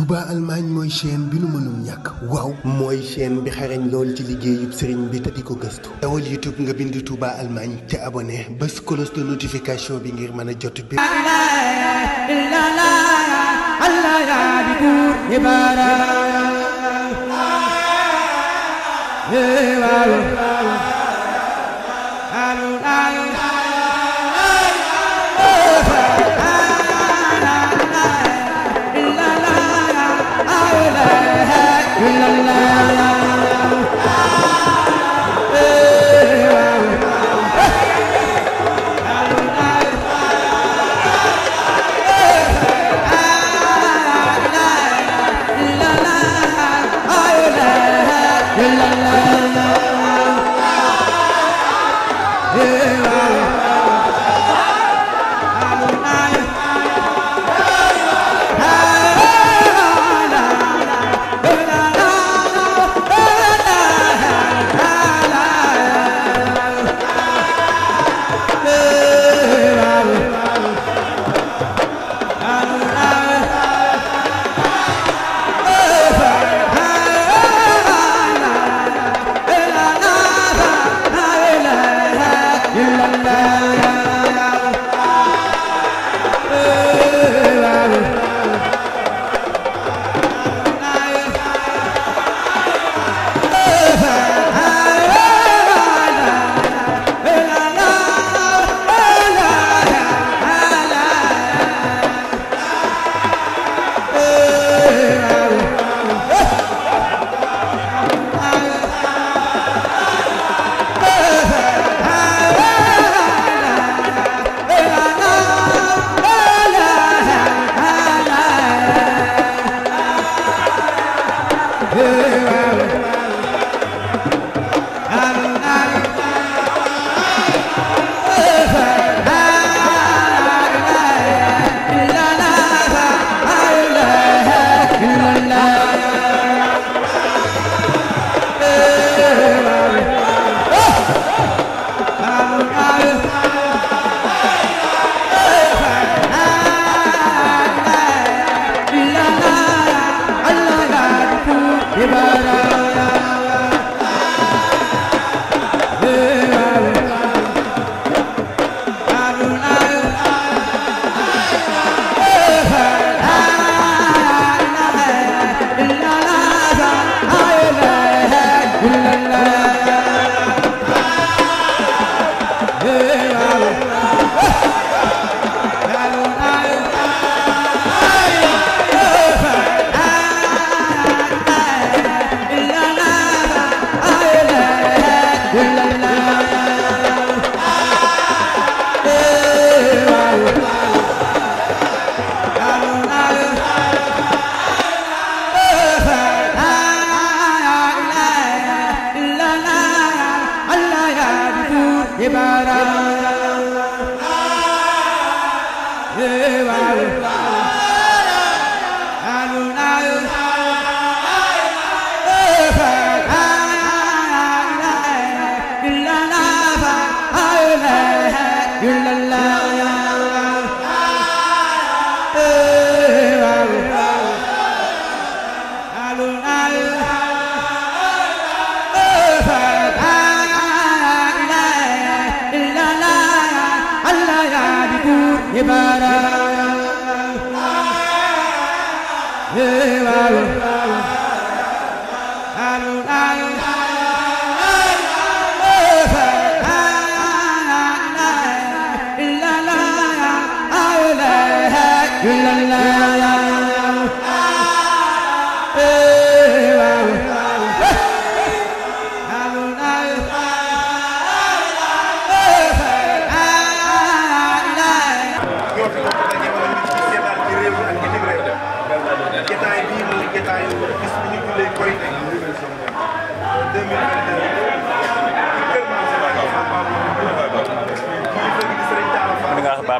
Touba Allemagne mooy chaîne bi nu mënul ñàkk waaw mooy chaîne bi xarañ lool ci liggéeyub sëriñ bi te di ko gëstu dawal YouTube nga bind Touba Allemagne te abonné bés cloche de notification bi ngir mën a jot bi waaw la la عبادات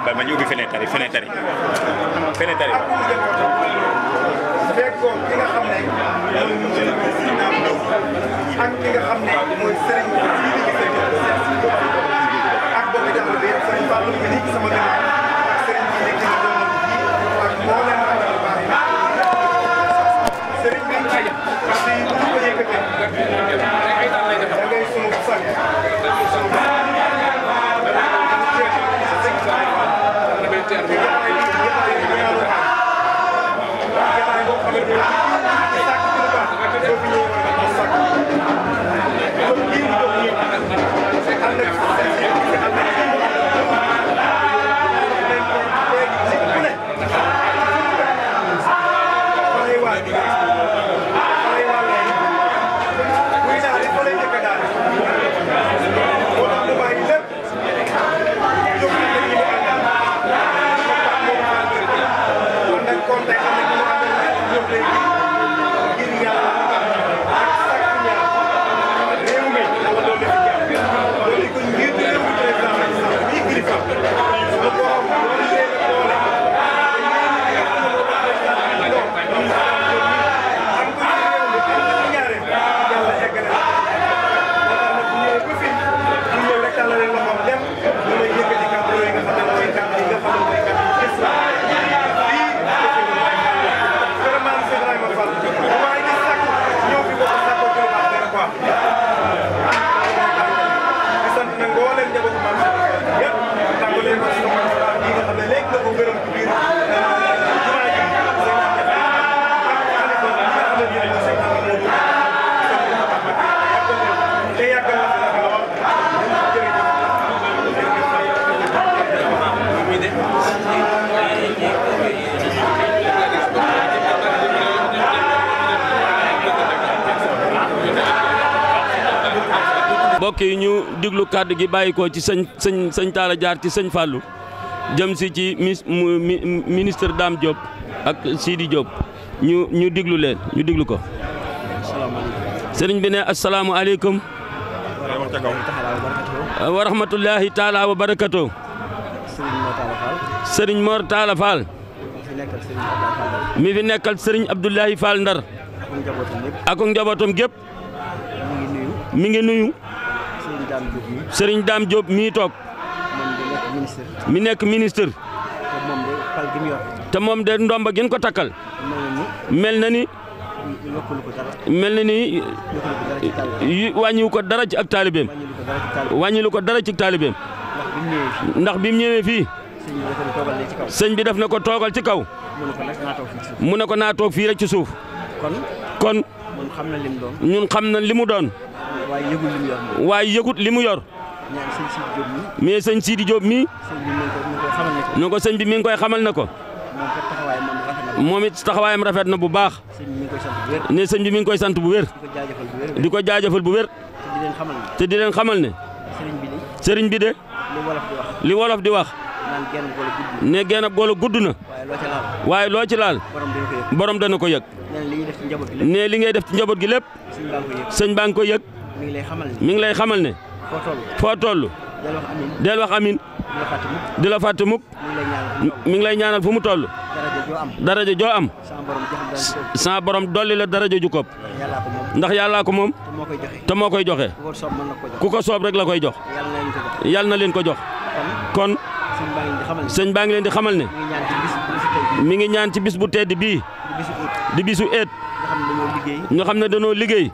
ba ma ñu ubbi feneen tari feneen tari feneen tari fekkoon ki nga ak ki nga mbokk diglu kàddu gi bàyyi ci sëñ sëñ sëñ Talla ci sëñ Fallou si ci ministre Dame Diop ñu ñu diglu diglu ko. bi ne asalaamualeykum. wa rahmatullahi taala wa barakatu. sëriñ Mor mi fi nekkal sëriñ Abdoulahi Fall Ndar. ak njabootam gépp mi ngi nuyu Serigne Dame Diop mii toog. mi nekk ministre. te moom de ndomba gin ko takkal. mel na ni. mel na ni wàññiwu ko dara ak taalibeem. wàññilu ko dara ci taalibeem. ndax bi mu ñëwee fii. sëñ bi daf na ko toogal ci kaw. mu ne ko naa toog fii ci suuf. kon. ñun xam na li doon. waaye yëgut li mu waaye yëgut li mu yor. mais sëñ Sidi Diop mii. ñu ko sëñ bi mi ngi koy xamal na ko. moom it taxawaayam rafet na bu baax. ne sëñ bi mi ngi koy sant bu wér. di ko jaajëfal bu wér. te di leen xamal ne. sëriñ bi de. li wolof di wax. ne genn ab golo gudd na. waaye loo ci laal. borom dana ko yëg. ne li ngay def ci njaboot gi lépp. sëñ baa ngi koy yëg. mi ngi lay xamal ne ngi lay xamal ne. foo toll foo del wax amin di la fàtte mukk mi ngi lay ñaanal fu mu toll. daraja joo am. sa borom dolli la daraja ju kopp. ndax yàllaa ko moom. te moo koy joxe. ku ko soob rek la koy jox. yàlla na leen ko jox. kon sëñ baa ngi leen di xamal ne. mi ngi ñaan ci bis bu tedd bii. di bisu eet. ñoo xam ne dañoo liggéey.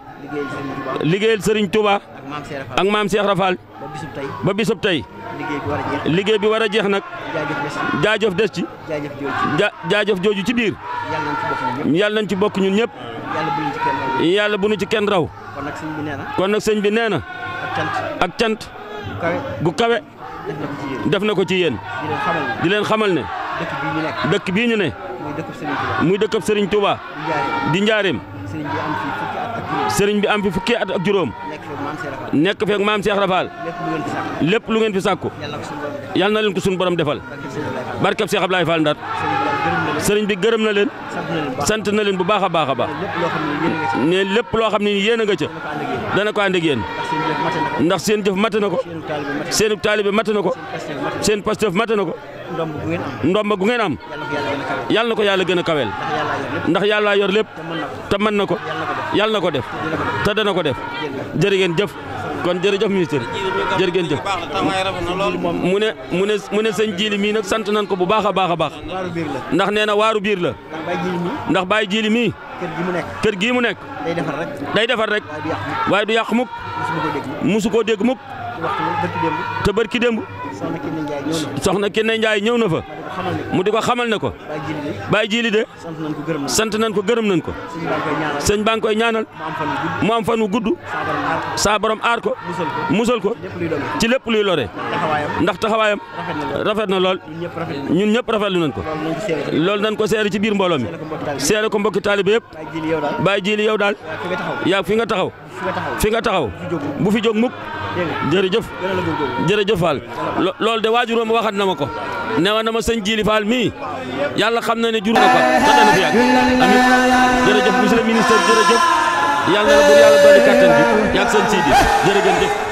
liggéeyal Serigne tuba ak maam Cheikh Rafal ba bisub tey liggéey bi war a jeex nag jaajëf des ci jaajëf jooju ci biir yàlla nañ ci bokkuñu ñun yàlla bu nu ci kenn raw kon nag sëñ bi nee na ak cant gu kawe def na ko ci yéen di leen xamal ne dëkk bii ñu ne muy dëkkub Serigne Touba di njaareem sëriñ bi am fi fukki at ak juróom nekk feeg maam Cheikh Rafal lépp lu ngeen fi sàkku yàlla na leen ko suñu borom defal seex Cheikh Ablaye Fall Ndar sëriñ bi gërëm na leen. sant na leen bu baax a baax a baax. ne lépp loo xam ne yéen a nga ca. dana ko ànd ak ndax seen jëf matt na ko. seen taalibe matt na ko. seen pastef na ko. ndomba gu ngeen am. yàlla na ko yàlla gën a kaweel. ndax yàlla yor lépp. te mën na ko. yàlla na ko def. te dana ko def. jërë jëf. kon jërëjëf ministre jërë ngeen jëf mu ne mu ne mu ne sëñ jiili mii nag sant nañ ko bu baax a baax a baax ndax nee na waaru biir la ndax bàyyi jiili mii kër gii mu nekk day defar rek waaye du yàq mukk musu koo dégg mukk te bër bërki démb soxna Kiné Ndiaye ñëw na fa mu di ko xamal ne ko bàyyi jiili de sant nañ ko gërëm nañ ko sëñ baa ngi koy ñaanal mu am fan wu gudd saa borom aar ko musal ko ci lépp luy lore ndax taxawaayam rafet na lool ñun ñëpp lu nañ ko loolu nañ ko seere ci biir mbooloo mi seere ko mbokki taalibe yëpp bàyyi jiili yow daal yaa fi nga taxaw fi nga taxaw bu fi jóg mukk jërëjëf jërëjëf Fall loolu de waajuróom waxat na ma ko wa na ma sëñ Jili Fall mii yàlla xam na ne jur na ko te dana fi yàgg amiin jërëjëf monsieur le ministre jërëjëf yàlla na la buur yàlla dolli kàttan bi yàgg sëñ Sidi jërëjëf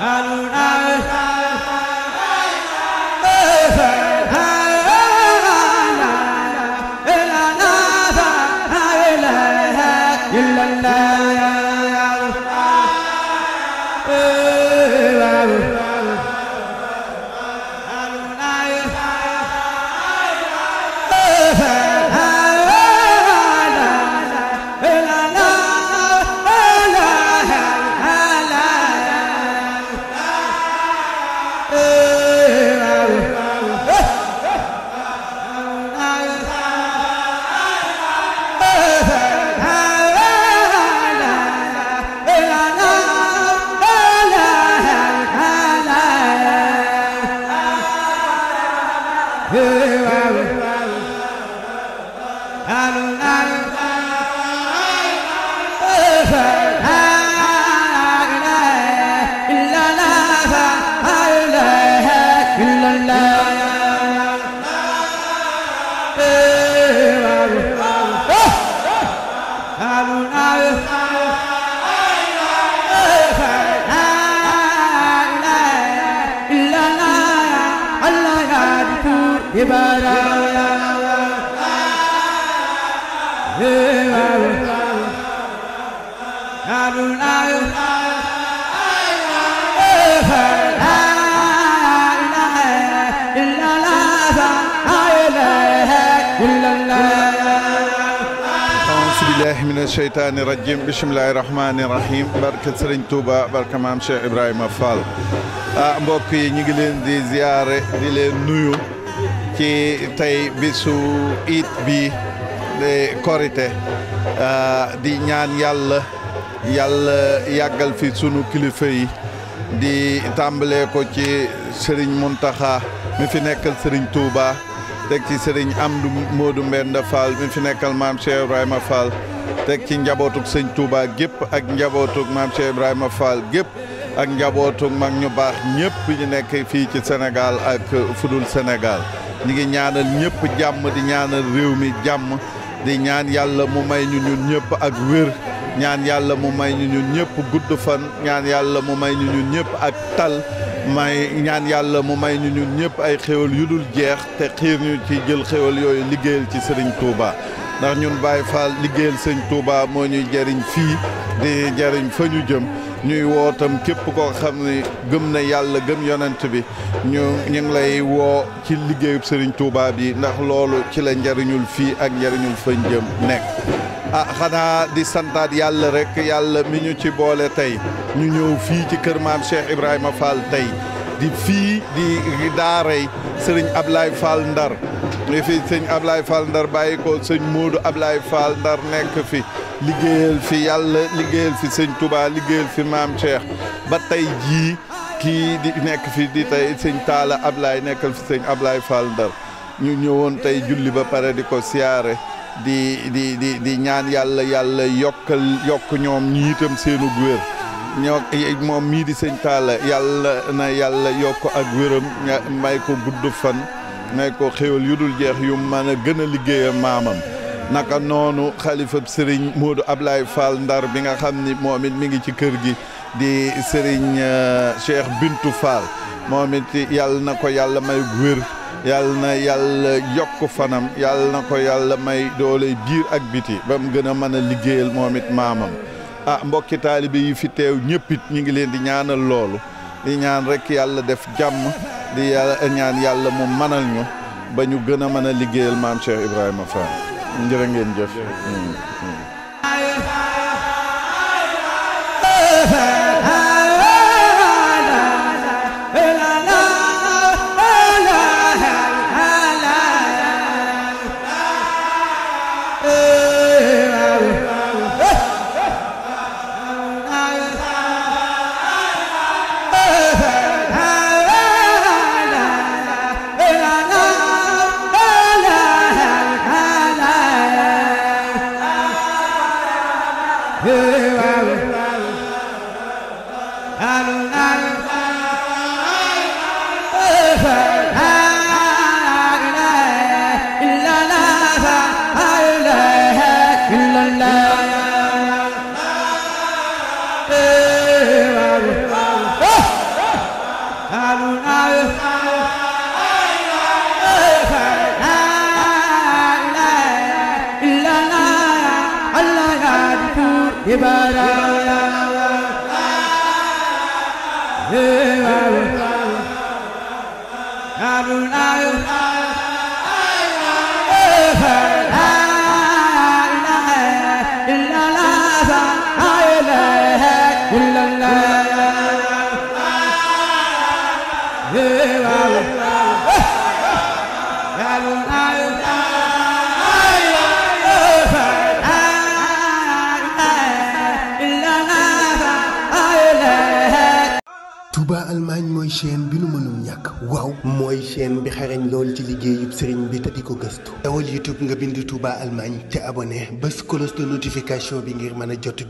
al mina sheytaani rajim bisimilahi rahmaani rahim barke Sëriñ Touba barke maam Cheikh Ibrahima Fall ah mbokk yi ñu ngi leen di ziyaare di leen nuyu ci tey bisu iit bi korite ah, di ñaan yàlla yàlla yàggal fi sunu kilifa yi di tàmbalee ko ci sëriñ Muntaxa mi fi nekkal sëriñ Touba teg ci sëriñ am Amdu Moodu Mbenda Fall mi fi nekkal maam Cheikh Ibrahima Fall teg ci njabootuk sëñ Touba gépp ak njabootug maam Cheikh Ibrahima Fall gépp ak njabootu mag ñu baax ñëpp ñu nekk fii ci senegaal ak fu dul senegaal ñi ngi ñaanal ñëpp jàmm di ñaanal réew mi jàmm di ñaan yàlla mu may ñu ñun ñëpp ak wér ñaan yàlla mu may ñu ñun ñëpp gudd fan ñaan yàlla mu may ñu ñun ñëpp ak tal may ñaan yàlla mu may ñu ñun ñëpp ay xéwal yu dul jeex te xiir ñu ci jël xéwal yooyu liggéeyal ci Serigne Touba ndax ñun Baye Fall liggéeyal Serigne Touba moo ñuy jariñ fii di jëriñ fa ñu jëm ñuy woo tam képp ko xam ne gëm na yàlla gëm yonent bi ñu ñu lay woo ci liggéeyub sëriñ Touba yi ndax loolu ci la njariñul fii ak njariñul fañ jëm nekk ah xanaa di santaat yàlla rek yàlla mi ñu ci boole tey ñu ñëw fii ci kër maam Cheikh Ibrahima Fall tey di fii di daaray sëriñ Ablaye Fall Ndar fi sëñ Ablaye Fall Ndar bàyyi ko sëñ Modou Ablaye Fall Ndar nekk fi liggéeyal fi yàlla liggéeyal fi sëñ Touba liggéeyal fi maam Cheikh ba tey jii kii di nekk fi di tey sëñ Talla Ablaye nekkal fi sëñ Ablaye Fall Ndar ñu ñëwoon tey julli ba pare di ko siyaare di di di di ñaan yàlla yàlla yokk ñoom ñi seenu wér ñoo moom mii di sëñ Talla yàlla na yàlla yokk ak wéram may ko gudd fan may ko xéwal yu dul jeex yu mën a gën a liggéeya maamam naka noonu xalifab sëriñ Modou Ablaye Fall Ndar bi nga xam ni moom it mi ngi ci kër gi di sëriñ euh, Cheikh Bintou Fall moom it na ko yàlla may wér yàlla na yàlla yokk fanam yàlla na ko yàlla may doole biir ak biti ba mu gën a mën a liggéeyal moom it maamam ah mbokki taalibe yi fi teew ñëppit ñu ngi leen di ñaanal loolu di ñaan rek yàlla def jàmm di yàlla ñaan yàlla mu manal ñu ba ñu gën a mën a liggéeyal maam Cheikh Ibrahima Fall jërë ngeen jëf. chaîne bi nu mënul ñàkk waaw mooy chaîne bi xarañ lool ci liggéeyub sëriñ bi te di ko gëstu dawal YouTube nga bind Touba Allemagne te abonné bés cloche de notification bi ngir mën a jot